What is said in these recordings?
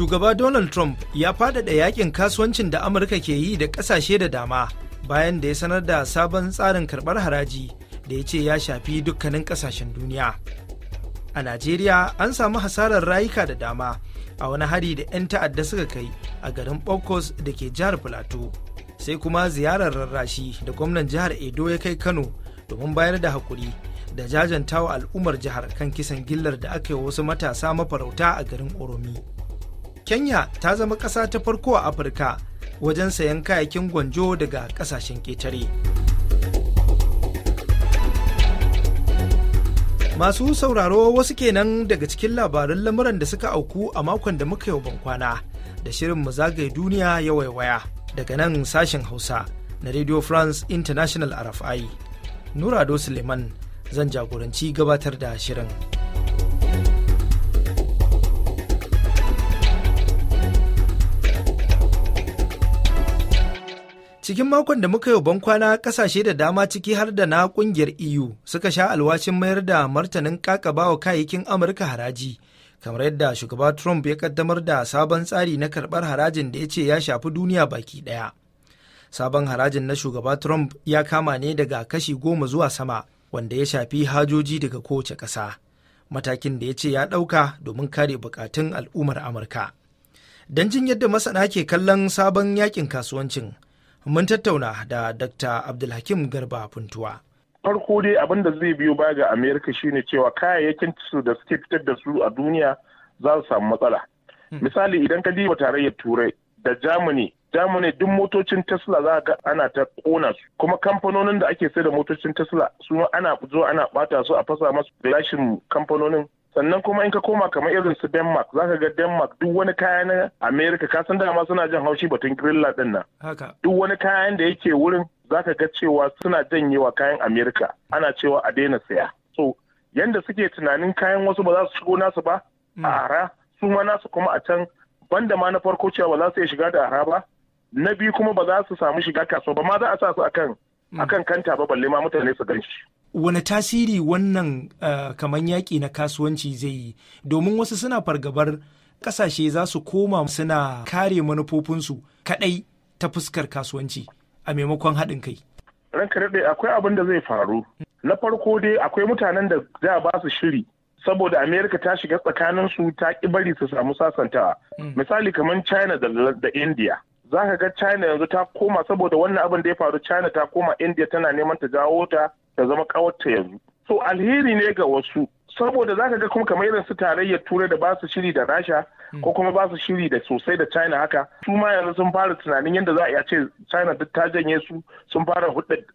shugaba Donald Trump ya faɗaɗa yakin kasuwancin da Amurka ke yi da ƙasashe da dama bayan da ya sanar da sabon tsarin karɓar haraji da ya ce ya shafi dukkanin ƙasashen duniya. A Najeriya an samu hasarar rayuka da dama a wani hari da 'yan ta'adda suka kai a garin Bokos da ke jihar Filato. Sai kuma ziyarar rarrashi da gwamnan jihar Edo ya kai Kano domin bayar da hakuri da jajantawa al'ummar jihar kan kisan gillar da aka yi wasu matasa mafarauta a garin Oromi. Kenya ta zama ƙasa ta farko a Afirka wajen sayan kayakin gwanjo daga ƙasashen ƙetare. Masu sauraro wasu kenan daga cikin labarin lamuran da suka auku a makon da muka yau kwana da shirin mu zagaye duniya ya waiwaya daga nan sashen Hausa na Radio France International RFI. Nura Ado Suleiman zan jagoranci gabatar da shirin. Cikin makon da muka yi bankwana kasashe da dama ciki har da na kungiyar EU suka sha alwashin mayar da martanin kakabawa kayayyakin Amurka haraji. Kamar yadda shugaba Trump ya kaddamar da sabon tsari na karɓar harajin da ya ce ya shafi duniya baki ɗaya. Sabon harajin na shugaba Trump ya kama ne daga kashi goma zuwa sama wanda ya shafi hajoji daga kowace ƙasa. Matakin da ya ce ya ɗauka domin kare bukatun al'ummar Amurka. Don jin yadda masana ke kallon sabon yakin kasuwancin, mun tattauna da Dr. Abdulhakim Garba Funtuwa. Farko dai abin da zai biyo baya ga Amerika shine cewa kayayyakin su da suke fitar da su a duniya za su samu matsala. Hmm. Misali idan ka diba tarayyar Turai da Germany Germany duk motocin Tesla za ga ana ta kona su kuma kamfanonin da ake sai da motocin Tesla su ana zo ana bata su a fasa masu gilashin kamfanonin sannan kuma in ka koma kamar irin su denmark za ka ga denmark duk wani kaya na america ka san dama suna jan haushi batun grilla din nan duk wani kayan da yake wurin za ka ga cewa suna janyewa kayan america ana cewa a daina saya so yanda suke tunanin kayan wasu ba za su shigo nasu ba mm. a ara su ma nasu kuma a can banda ma na farko cewa ba za su iya shiga da ara ba na biyu kuma ba za su samu shiga kasuwa ba ma za a sa su akan akan mm. kanta ba balle ma mutane su gan shi wani tasiri wannan uh, eh, kamar yaƙi na kasuwanci zai yi domin wasu suna fargabar ƙasashe za su koma suna kare manufofinsu kaɗai ta fuskar kasuwanci a maimakon haɗin kai ranka daɗe akwai abin da zai faru na farko dai akwai mutanen da za ba su shiri saboda amerika ta shiga tsakanin su ta ƙi bari su samu sasantawa mm. misali kamar china da india za ka ga china yanzu ta koma saboda wannan abin da ya faru china ta koma india tana neman ta jawo ta ta zama kawarta yanzu so alheri ne ga wasu saboda za ka ga kuma kamar irin su tarayyar turai da ba su shiri da rasha hmm. ko kuma ba su shiri da sosai da china haka su ma yanzu sun fara tunanin yadda za a iya ce china duk ta janye su sun fara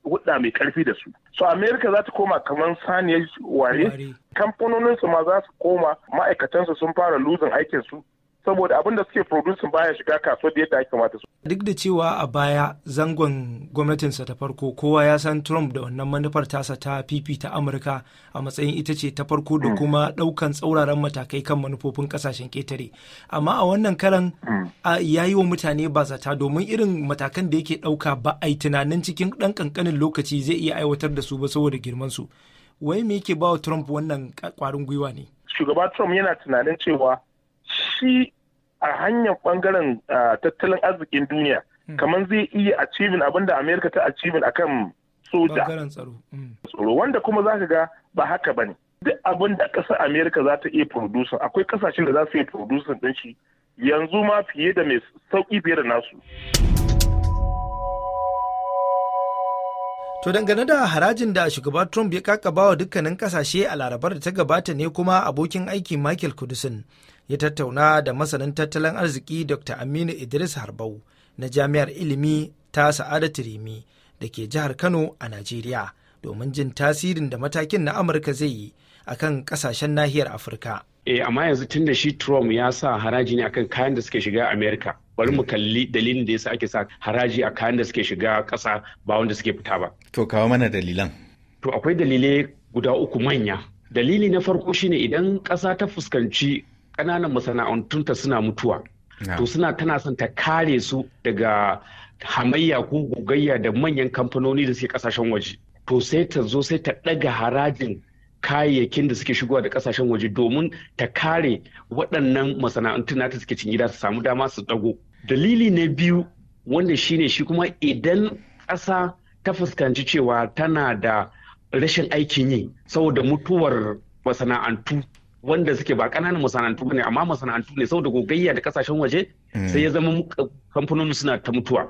hudda mai karfi da su so america za ta koma kamar saniyar ware kamfanonin ma za su koma ma'aikatansu sun fara luzin aikin su saboda abin da suke producing baya shiga kasuwar da yadda ake kamata su. Duk da cewa a baya zangon gwamnatinsa ta farko kowa ya san Trump da wannan manufar tasa ta ta Amurka a matsayin ita ce ta farko da mm. kuma ɗaukan tsauraran matakai kan manufofin kasashen ketare Amma a wannan karan mm. ya yi wa mutane bazata domin irin matakan da yake ɗauka ba a yi tunanin cikin ɗan ƙanƙanin lokaci zai iya aiwatar da su ba saboda girmansu. Wai me yake ba wa Trump wannan kwarin gwiwa ne? Shugaba Trump yana tunanin cewa shi a hanyar bangaren tattalin arzikin duniya hmm. kamar zai iya achieving abinda amerika ta achieving akan soja tsaro hmm. wanda kuma za ka ga ba haka ba ne duk abin da ƙasar amerika za ta iya producing akwai ƙasashen da za su iya producing ɗin shi yanzu ma fiye da mai sauki fiye da nasu To dangane da harajin da shugaba Trump ya kakaba wa dukkanin kasashe a larabar da ta gabata ne kuma abokin aiki Michael Kudusin ya tattauna da masanin tattalin arziki Dr. Aminu Idris Harbau na Jami'ar Ilimi ta Sa'adatu Rimi da ke jihar Kano a Najeriya domin jin tasirin da matakin na Amurka zai yi akan kasashen nahiyar Afirka. Eh amma yanzu tun da shi Trump ya sa haraji ne akan kayan da suke shiga Amerika. Bari mu kalli dalilin da yasa ake sa haraji a kayan da suke shiga ƙasa ba wanda suke fita ba. To kawo mana dalilan. To akwai dalilai guda uku manya. Dalili na farko shine idan ƙasa ta fuskanci ƙananan masana'antunta suna mutuwa to suna tana son ta kare su daga hamayya ko gogayya da manyan kamfanoni da suke kasashen waje to sai ta zo sai ta ɗaga harajin kayayyakin da suke shigowa da kasashen waje domin ta kare waɗannan masana'antun nata suke cin gida su samu dama su ɗago dalili na biyu wanda shine shi kuma idan ƙasa ta fuskanci cewa tana da rashin aikin yi saboda mutuwar masana'antu wanda suke ba kananan masana'antu ne amma masana'antu ne saboda gogayya da kasashen waje hmm. sai ya zama kamfanoni suna ta mutuwa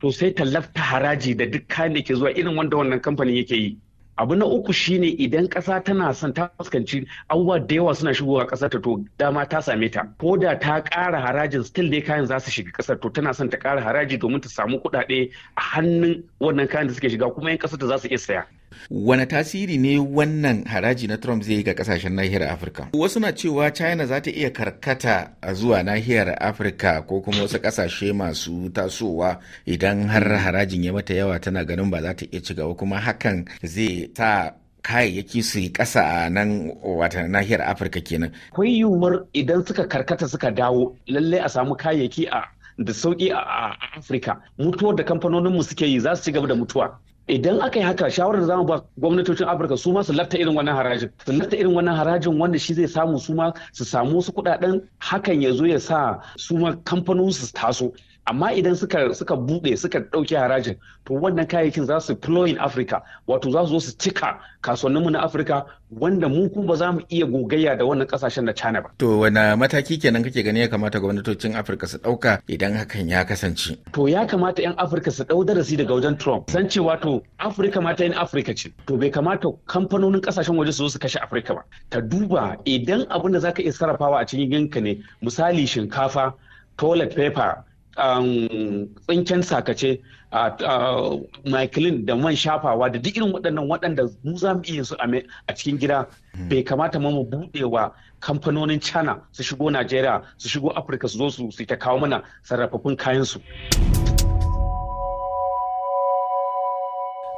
to sai tallafta haraji da duk kayan da ke zuwa irin wanda wannan kamfanin yake yi abu na uku shine idan ƙasa tana son ta fuskanci abubuwa da yawa suna shigowa kasa ta to dama ta same ta ko da ta ƙara harajin still dai kayan za su shiga ƙasar to tana son ta ƙara haraji domin ta samu kuɗaɗe a hannun wannan kayan da suke shiga kuma yan ƙasar ta za su iya saya Wane tasiri ne wannan haraji na Trump zai yi ga kasashen nahiyar Afirka? Wasu na cewa China za ta iya karkata a zuwa nahiyar Afirka ko kuma wasu kasashe masu tasowa idan har harajin ya mata yawa tana ganin ba za ta iya cigaba kuma hakan zai ta kayayyaki su yi ƙasa a nan wata nahiyar Afirka kenan. Akwai yiwuwar idan suka karkata suka dawo lallai a samu kayayyaki a da sauki a Afirka. Mutuwar da kamfanoninmu suke yi za su ci gaba da mutuwa. idan aka yi haka shawarar da zamu ba gwamnatocin afirka su ma su lafta irin wannan harajin su lafta irin wannan harajin wanda shi zai samu su ma su samu wasu kudaden hakan ya zo ya sa su ma kamfanin su taso amma idan suka suka bude suka dauki harajin to wannan kayayyakin za su flow in Africa wato za su zo su cika kasuwanninmu na Africa wanda mu kuma ba za mu iya gogayya da wannan kasashen na China ba to wani mataki kenan kake gani ya kamata gwamnatocin Africa su dauka idan hakan ya kasance to ya kamata yan Africa su dau darasi daga wajen Trump san cewa to Africa ma ta Africa ce to bai kamata kamfanonin kasashen waje su zo su kashe Africa ba Ta duba idan abin da zaka iya sarrafawa a cikin ginka ne misali shinkafa toilet paper Um, tsinken sakace a maiklin da man shafawa da duk irin waɗannan waɗanda mu za mu iya su a cikin gida hmm. bai kamata mu buɗe wa kamfanonin china su shigo nigeria su shigo afirka su zo su su ta kawo mana sarrafafun kayansu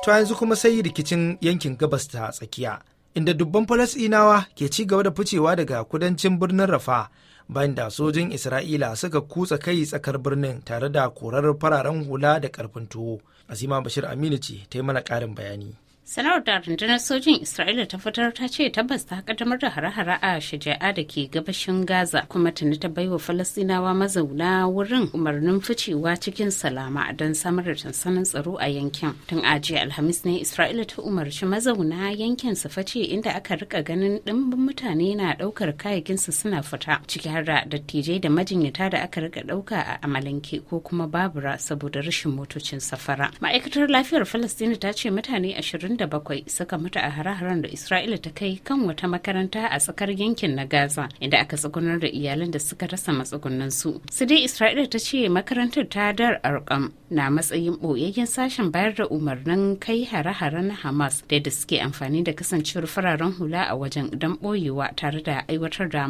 to yanzu kuma sai rikicin yankin gabas ta tsakiya inda dubban falasɗinawa ke ci gaba da ficewa daga kudancin birnin rafa bayan da sojin isra'ila suka kutsa kai tsakar birnin tare da korar fararen hula da ƙarfin tuwo asima bashir aminu ce ta yi mana ƙarin bayani sana'ar da rundunar sojin isra'ila ta fitar ta ce tabbas ta kaddamar da hare-hare a shaja'a da ke gabashin gaza kuma tuni ta baiwa falastinawa mazauna wurin umarnin ficewa cikin salama don samar da sansanin tsaro a yankin tun a alhamis ne isra'ila ta umarci mazauna yankin su face inda aka rika ganin dimbin mutane na daukar kayakinsu suna fita ciki har da dattijai da majinyata da aka rika dauka a amalanke ko kuma babura saboda rashin motocin safara ma'aikatar lafiyar falastina ta ce mutane ashirin bakwai suka mutu a hare da Isra'ila ta kai kan wata makaranta a tsakar yankin na Gaza inda aka tsugunar da iyalan da suka rasa matsugunan su. Su dai Isra'ila ta ce makarantar ta dar arkam na matsayin boyayyen sashen bayar da umarnin kai hare-hare na Hamas da da suke amfani da kasancewar fararen hula a wajen don boyewa tare da aiwatar da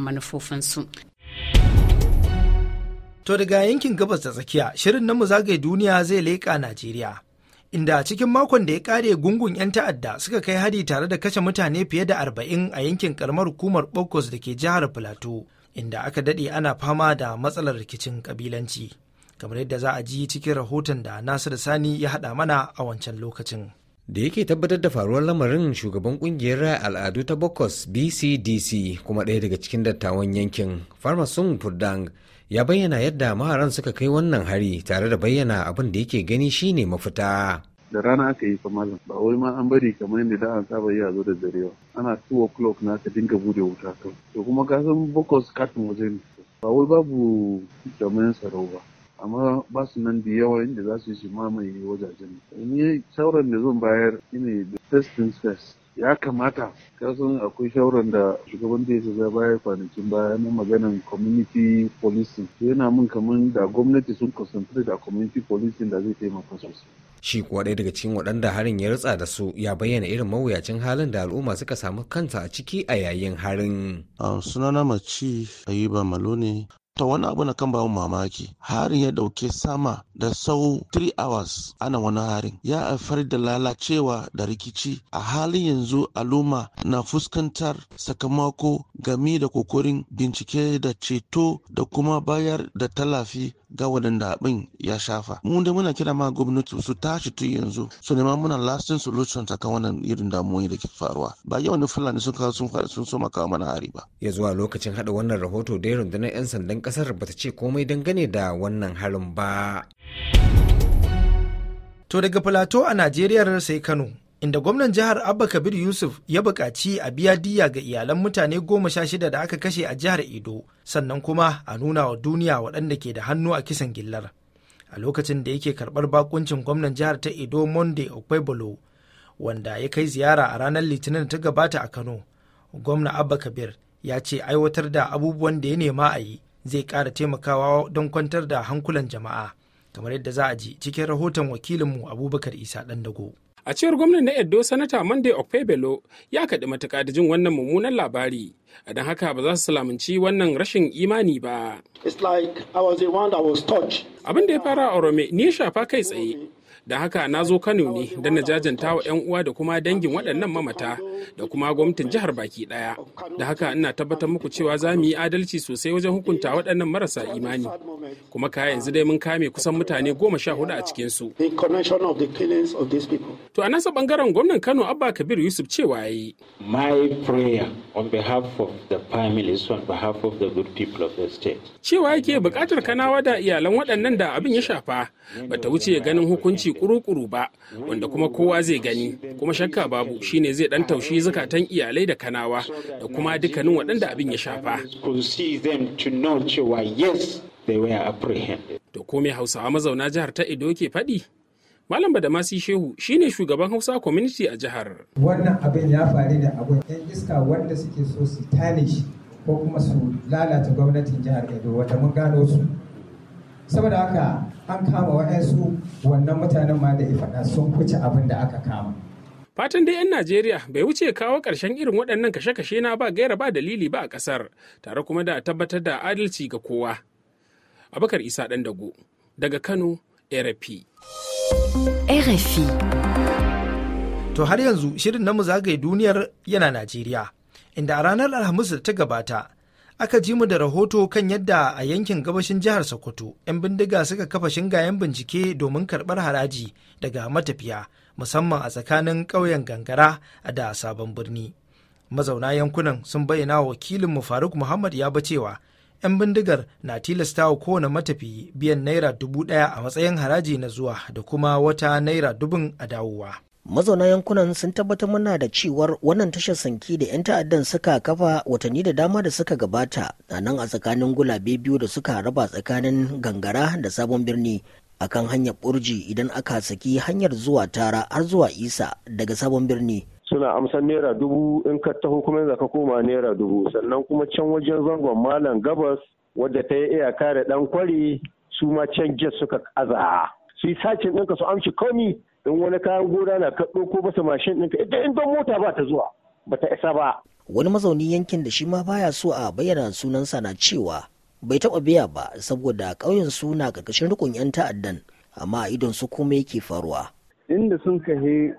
su To daga yankin gabas da tsakiya, shirin na mu zagaye duniya zai leƙa Najeriya. inda cikin makon da ya kare gungun 'yan ta'adda suka kai hari tare da kashe mutane fiye da arba'in a yankin karamar hukumar Bokos da ke jihar Filato, inda aka daɗe ana fama da matsalar rikicin kabilanci. Kamar yadda za a ji cikin rahoton da Nasiru Sani ya haɗa mana a wancan lokacin. da yake tabbatar da faruwar lamarin shugaban kungiyar al'adu ta bokos bcdc kuma ɗaya daga cikin dattawan yankin farmasun furdang ya bayyana yadda maharan suka kai wannan hari tare da bayyana abin da yake gani shine mafita. da rana aka yi fa malam ba wai ma an bari kamar yadda da an saba yi a zo da dare ana 2 o'clock na ka dinga bude wuta kan to kuma ka san bokos katin waje ne ba wai babu jami'an tsaro ba amma ba su nan da yawa inda za su yi shi mamaye wajajen ne sauran da zan bayar ne da first first ya kamata kasan akwai shawaran da shugaban da ya shiga baya kwanakin baya na maganan community policing yana min kamar da gwamnati sun concentrate da community policing da zai taimaka sosai shi kuwa ɗaya daga cikin waɗanda harin ya rutsa da su ya bayyana irin mawuyacin halin da al'umma suka samu kanta a ciki a yayin harin. Ah, sunana mace ayuba malo ne ta wani abu na kan bamu mamaki harin ya dauke sama da sau 3 hours ana wani harin ya haifar da lalacewa da rikici a halin yanzu al'umma na fuskantar sakamako game da kokorin bincike da ceto da kuma bayar da tallafi ga waɗanda abin ya shafa mu dai muna kira ma gwamnati su tashi tun yanzu su nema muna lasting solution ta kan wannan irin damuwoyi da ke faruwa ba ne fulani sun kawo sun sun soma kawo mana hari ba ya zuwa lokacin haɗa wannan rahoto dai rundunar yan sandan kasar bata ce komai dangane da wannan harin ba to daga filato a najeriya sai kano inda gwamnan jihar abba kabir yusuf ya buƙaci a biya diya ga iyalan mutane goma sha shida da aka kashe a jihar edo sannan kuma a nuna wa duniya waɗanda ke da hannu a kisan gillar a lokacin da yake karɓar bakuncin gwamnan jihar ta edo monday okpebolo wanda ya kai ziyara a ranar litinin da ta gabata a kano gwamna abba kabir ya ce aiwatar da abubuwan da ya nema a yi zai ƙara taimakawa don kwantar da hankulan jama'a kamar yadda za a ji cikin rahoton wakilinmu abubakar isa ɗan dago A cewar gwamnan na Edo Sanata Monday Okpebelo ya kaɗi matuƙa da jin wannan mummunan labari, a don haka ba za su salamanci wannan rashin imani ba. Abin da ya fara a Orome ni ya shafa kai tsaye, da haka na zo kano ne don na jajanta wa 'yan uwa da kuma dangin waɗannan mamata da kuma gwamnatin jihar baki ɗaya da haka ina tabbatar muku cewa za mu yi adalci sosai wajen hukunta waɗannan marasa imani kuma ka yanzu dai mun kame kusan mutane goma sha hudu a cikin su to a nasa bangaren gwamnan kano abba kabir yusuf cewa yayi my prayer on behalf of the families on behalf of the good people of the state cewa yake bukatar kanawa da iyalan waɗannan da abin ya shafa bata wuce ganin hukunci kurukuru ba wanda kuma kowa zai gani kuma shakka babu shine zai dan taushi zakatan iyalai da kanawa da kuma dukkanin waɗanda abin ya shafa to komai hausawa mazauna jihar ta edo ke faɗi Malam Badamasi Shehu shine shugaban Hausa community a jihar. Wannan abin ya faru da abin 'yan iska wanda suke so su tanish ko kuma su lalata gwamnatin jihar Edo wata mun gano su saboda haka an kama waɗansu wannan mutanen ma da ifada sun kuce abin da aka kama fatan dai 'yan najeriya bai wuce kawo ƙarshen irin waɗannan kashe-kashe na ba gaira ba dalili ba a ƙasar tare kuma da tabbatar da adalci ga kowa abakar isa ɗan dago daga kano rfi to har yanzu shirin namu zagaye duniyar yana najeriya inda a ranar alhamis da ta gabata aka ji mu da rahoto kan yadda a yankin gabashin jihar Sokoto 'yan bindiga suka kafa shingayen bincike domin karɓar haraji daga matafiya musamman a tsakanin ƙauyen gangara a da sabon birni. Mazauna yankunan sun bayyana wa mu Faruk Muhammad ya ba cewa 'yan bindigar na tilasta wa kowane matafi biyan naira dubu ɗaya a matsayin haraji na zuwa da kuma wata naira dubun a dawowa. mazauna yankunan sun tabbatar mana da cewar wannan tashar sanki da 'yan ta'addan suka kafa watanni da dama da suka gabata a nan a tsakanin gulabe biyu da suka raba tsakanin gangara da sabon birni akan hanyar burji idan aka saki hanyar zuwa tara har zuwa isa daga sabon birni suna amsan naira dubu in ka taho kuma yanzu ka koma naira dubu sannan kuma can wajen zangon malam gabas wadda ta yi iyaka da dan kwari su ma can jet suka kaza su yi sacin ɗinka su amshi komi in wani kayan gona na ka ko basa mashin ɗinka ita in don mota ba ta zuwa ba ta isa ba. Wani mazauni yankin da shi ma baya so a bayyana sunansa na cewa bai taɓa biya ba saboda ƙauyen su na ƙarƙashin rukun 'yan ta'addan amma a idon su kuma yake faruwa. Inda sun kahe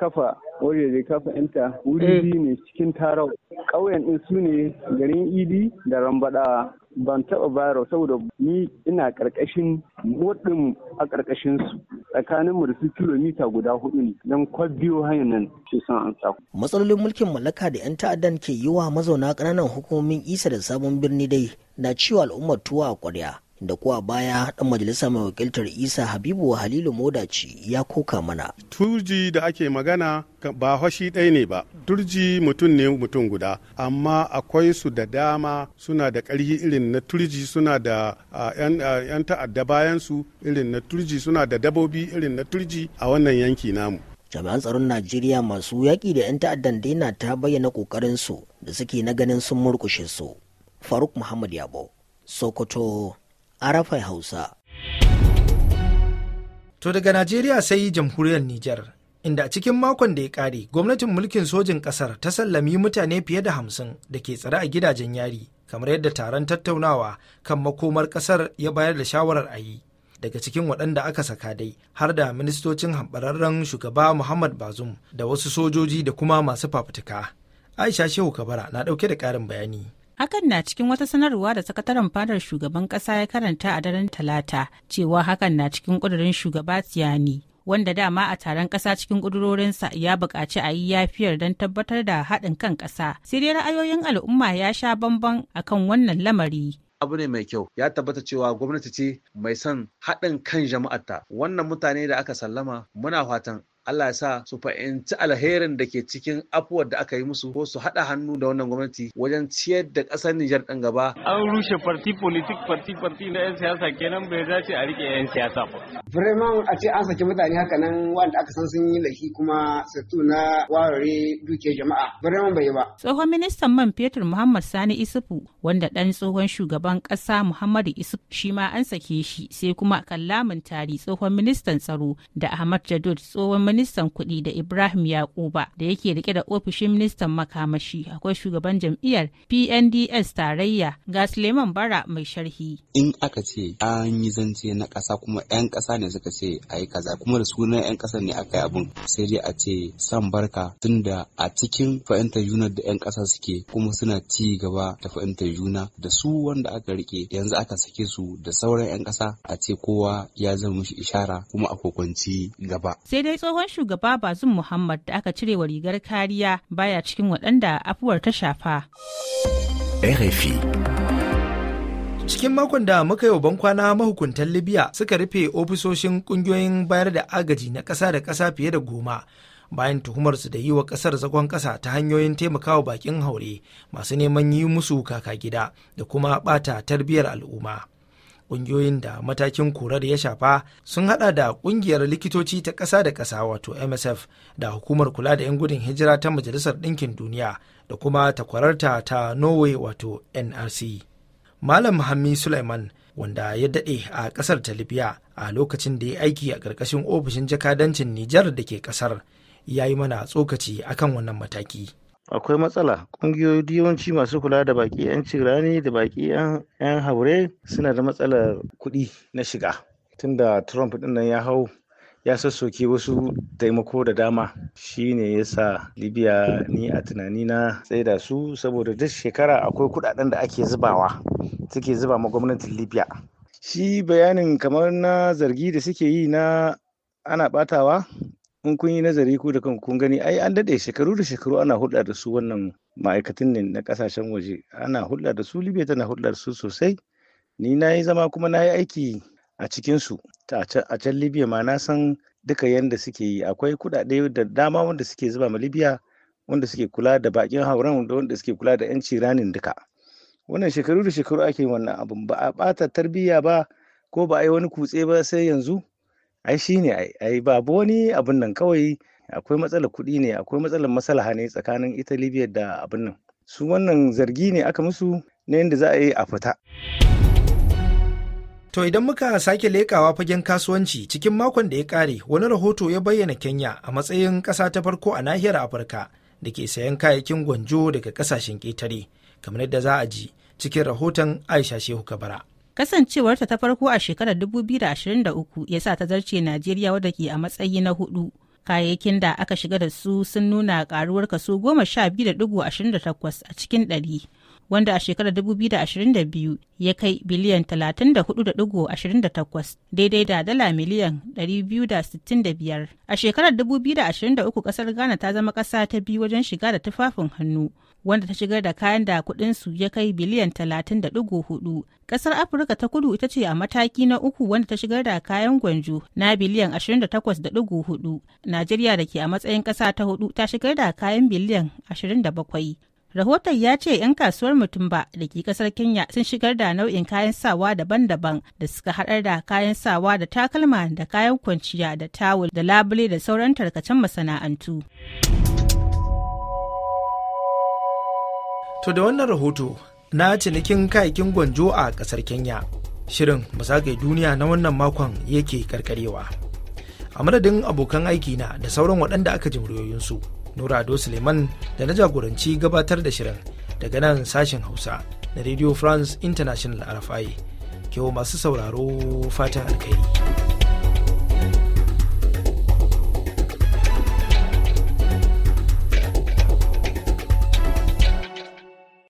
kafa zai kafa yanta wuri eh. biyu ne cikin tarau ƙauyen ɗin su ne garin idi da rambaɗawa ban taɓa bayarwa saboda ni ina ƙarƙashin waɗin a ƙarƙashin su tsakanin mu da su kilomita guda hudu ne don kwabiyo hanyar nan ce san an sa. Matsalolin mulkin mallaka da 'yan ta'addan ke yi wa mazauna ƙananan hukumomin isa da sabon birni dai na cewa al'ummar tuwa a ƙwarya. da kuwa baya dan majalisa mai wakiltar isa habibu halilu modaci ya koka mana turji da ake magana ba hoshi ɗaya ne ba turji mutum ne mutum guda amma akwai su da dama suna da ƙarfi irin na turji suna da yan ta'adda bayansu su irin na turji suna da dabobi irin na turji a wannan yanki namu jami'an tsaron najeriya masu yaƙi da 'yan ta'addan daina ta bayyana ƙoƙarinsu da suke na ganin sun murkushe su faruk muhammad yabo sokoto arafa hausa to daga najeriya sai jamhuriyar nijar inda a cikin makon da ya kare gwamnatin mulkin sojin ƙasar ta sallami mutane fiye da hamsin da ke tsare a gidajen yari kamar yadda taron tattaunawa kan makomar ƙasar ya bayar da shawarar a yi daga cikin waɗanda aka saka dai har da ministocin hambararren shugaba muhammad bazum da wasu sojoji da kuma masu fafutuka aisha shehu kabara na ɗauke da ƙarin bayani Hakan na cikin wata sanarwa da sakataren fadar shugaban ƙasa ya karanta a daren Talata cewa hakan na cikin ƙudurin shugaba Tiyani. Wanda dama a taron ƙasa cikin ƙudurorinsa ya buƙaci a yi yafiyar don tabbatar da haɗin kan ƙasa. Sai dai ra'ayoyin al'umma ya sha bamban kan wannan lamari. abu ne mai kyau ya tabbata cewa gwamnati ce mai son haɗin kan jama'arta wannan mutane da aka sallama muna fatan Allah ya sa su fahimci alherin da ke cikin afuwar da aka yi musu ko su haɗa hannu da wannan gwamnati wajen ciyar da ƙasar Nijar ɗan gaba. An rushe parti politik parti parti na 'yan siyasa kenan bai dace a rike 'yan siyasa ba. Vraiment a ce an saki mutane haka nan wanda aka san sun yi laifi kuma satu na duke jama'a. Vraiment bai yi ba. Tsohon ministan man fetur Muhammad Sani Isufu wanda ɗan tsohon shugaban ƙasa Muhammadu Isufu shi ma an sake shi sai kuma kallamin tari tsohon ministan tsaro da Ahmad Jadot tsohon ministan kuɗi da Ibrahim Yakuba da yake rike da ofishin ministan makamashi akwai shugaban jam'iyyar PNDS tarayya ga Suleiman Bara mai sharhi. In aka ce an yi zance na ƙasa kuma 'yan ƙasa ne suka ce a yi kaza kuma da sunan 'yan ƙasa ne aka yi abin sai dai a ce san barka tunda a cikin fahimtar juna da 'yan ƙasa suke kuma suna ci gaba da fahimtar juna da su wanda aka rike yanzu aka sake su da sauran 'yan ƙasa a ce kowa ya zama mishi ishara kuma a kokwanci gaba. Sai dai tsohon tsohon shugaba bazum muhammad da aka cire wa rigar kariya baya cikin waɗanda afuwar ta shafa rfi cikin makon da muka yi wa bankwana mahukuntan libya suka rufe ofisoshin kungiyoyin bayar da agaji na ƙasa da ƙasa fiye da goma bayan tuhumarsu da yi wa ƙasar zagon ƙasa ta hanyoyin taimakawa bakin haure masu neman yi musu kaka gida da kuma ɓata tarbiyyar al'umma Ƙungiyoyin da matakin da ya shafa sun hada da ƙungiyar likitoci ta ƙasa da ƙasa wato MSF da hukumar kula da 'yan gudun hijira ta Majalisar Ɗinkin Duniya da kuma takwararta ta Norway wato NRC. Malam Hammi Sulaiman wanda ya daɗe a ƙasar ta Libya a lokacin da ya aiki a ƙarƙashin ofishin jakadancin Nijar da ke ƙasar ya yi mana tsokaci akan wannan mataki. akwai matsala ƙungiyoyi yawanci masu kula da baƙi 'yan rani da baƙi 'yan haure suna da matsalar kuɗi na shiga tunda trump ɗin nan ya hau ya sassoke wasu taimako da dama shi ne ya sa libya ni a tunani tsaye da su saboda duk shekara akwai kuɗaɗen da ake zubawa suke zuba ma gwamnatin libya shi bayanin kamar na zargi da suke yi na ana batawa in kun yi nazari ku da kan kun gani ai an daɗe shekaru da shekaru ana hulɗa da su wannan ma'aikatan ne na kasashen waje ana hulɗa da su libya tana hulɗa da su sosai ni na yi zama kuma na yi aiki a cikinsu a can libya ma na san duka yadda suke yi akwai kuɗaɗe da dama wanda suke zuba ma libya wanda suke kula da bakin hauren da wanda suke kula da 'yanci ranin duka wannan shekaru da shekaru ake wannan abun ba a ɓata tarbiyya ba ko ba a yi wani kutse ba sai yanzu ai shi ne ai babu wani abin nan kawai akwai matsalar kuɗi ne akwai matsalar masalaha ne tsakanin ita libya da abin nan su wannan zargi ne aka musu na yadda za a yi a fita To idan muka sake lekawa fagen kasuwanci cikin makon da ya kare wani rahoto ya bayyana Kenya a matsayin ƙasa ta farko a nahiyar Afirka da ke sayan kayayyakin gwanjo daga ƙasashen ƙetare kamar yadda za a ji cikin rahoton Aisha Shehu Kabara. Kasancewarta ta farko a shekarar 2023 ya sa ta zarce Najeriya wadda ke a matsayi na hudu. Kayayyakin da aka shiga da su sun nuna karuwar kaso 12.28 a cikin dari, wanda a shekarar 2022 ya kai biliyan 34.28 daidai da dala miliyan 265. A shekarar 2023 kasar Ghana ta zama ƙasa ta biyu wajen shiga da tufafin hannu wanda ta shigar da kayan da su ya kai biliyan 30.4. Kasar Afirka ta kudu ita ce a mataki na uku wanda ta shigar da kayan gwanjo na biliyan 28.4. Najeriya da ke a matsayin ƙasa ta hudu ta shigar da kayan biliyan 27. Rahoton ya ce 'yan kasuwar mutum ba da ke kasar Kenya sun shigar da nau'in kayan sawa daban-daban da suka haɗar da kayan sawa da takalma da kayan kwanciya da tawul da labule da sauran tarkacen masana'antu. To da wannan rahoto na cinikin kayakin gwanjo a ƙasar Kenya. Shirin musagai duniya na wannan makon yake karkarewa. A madadin abokan aiki na da sauran waɗanda aka ji muryoyinsu, Nura Ado Suleiman da na jagoranci gabatar da shirin daga nan sashen Hausa na Radio France International RFI. Kyau masu sauraro fatan alkhairi.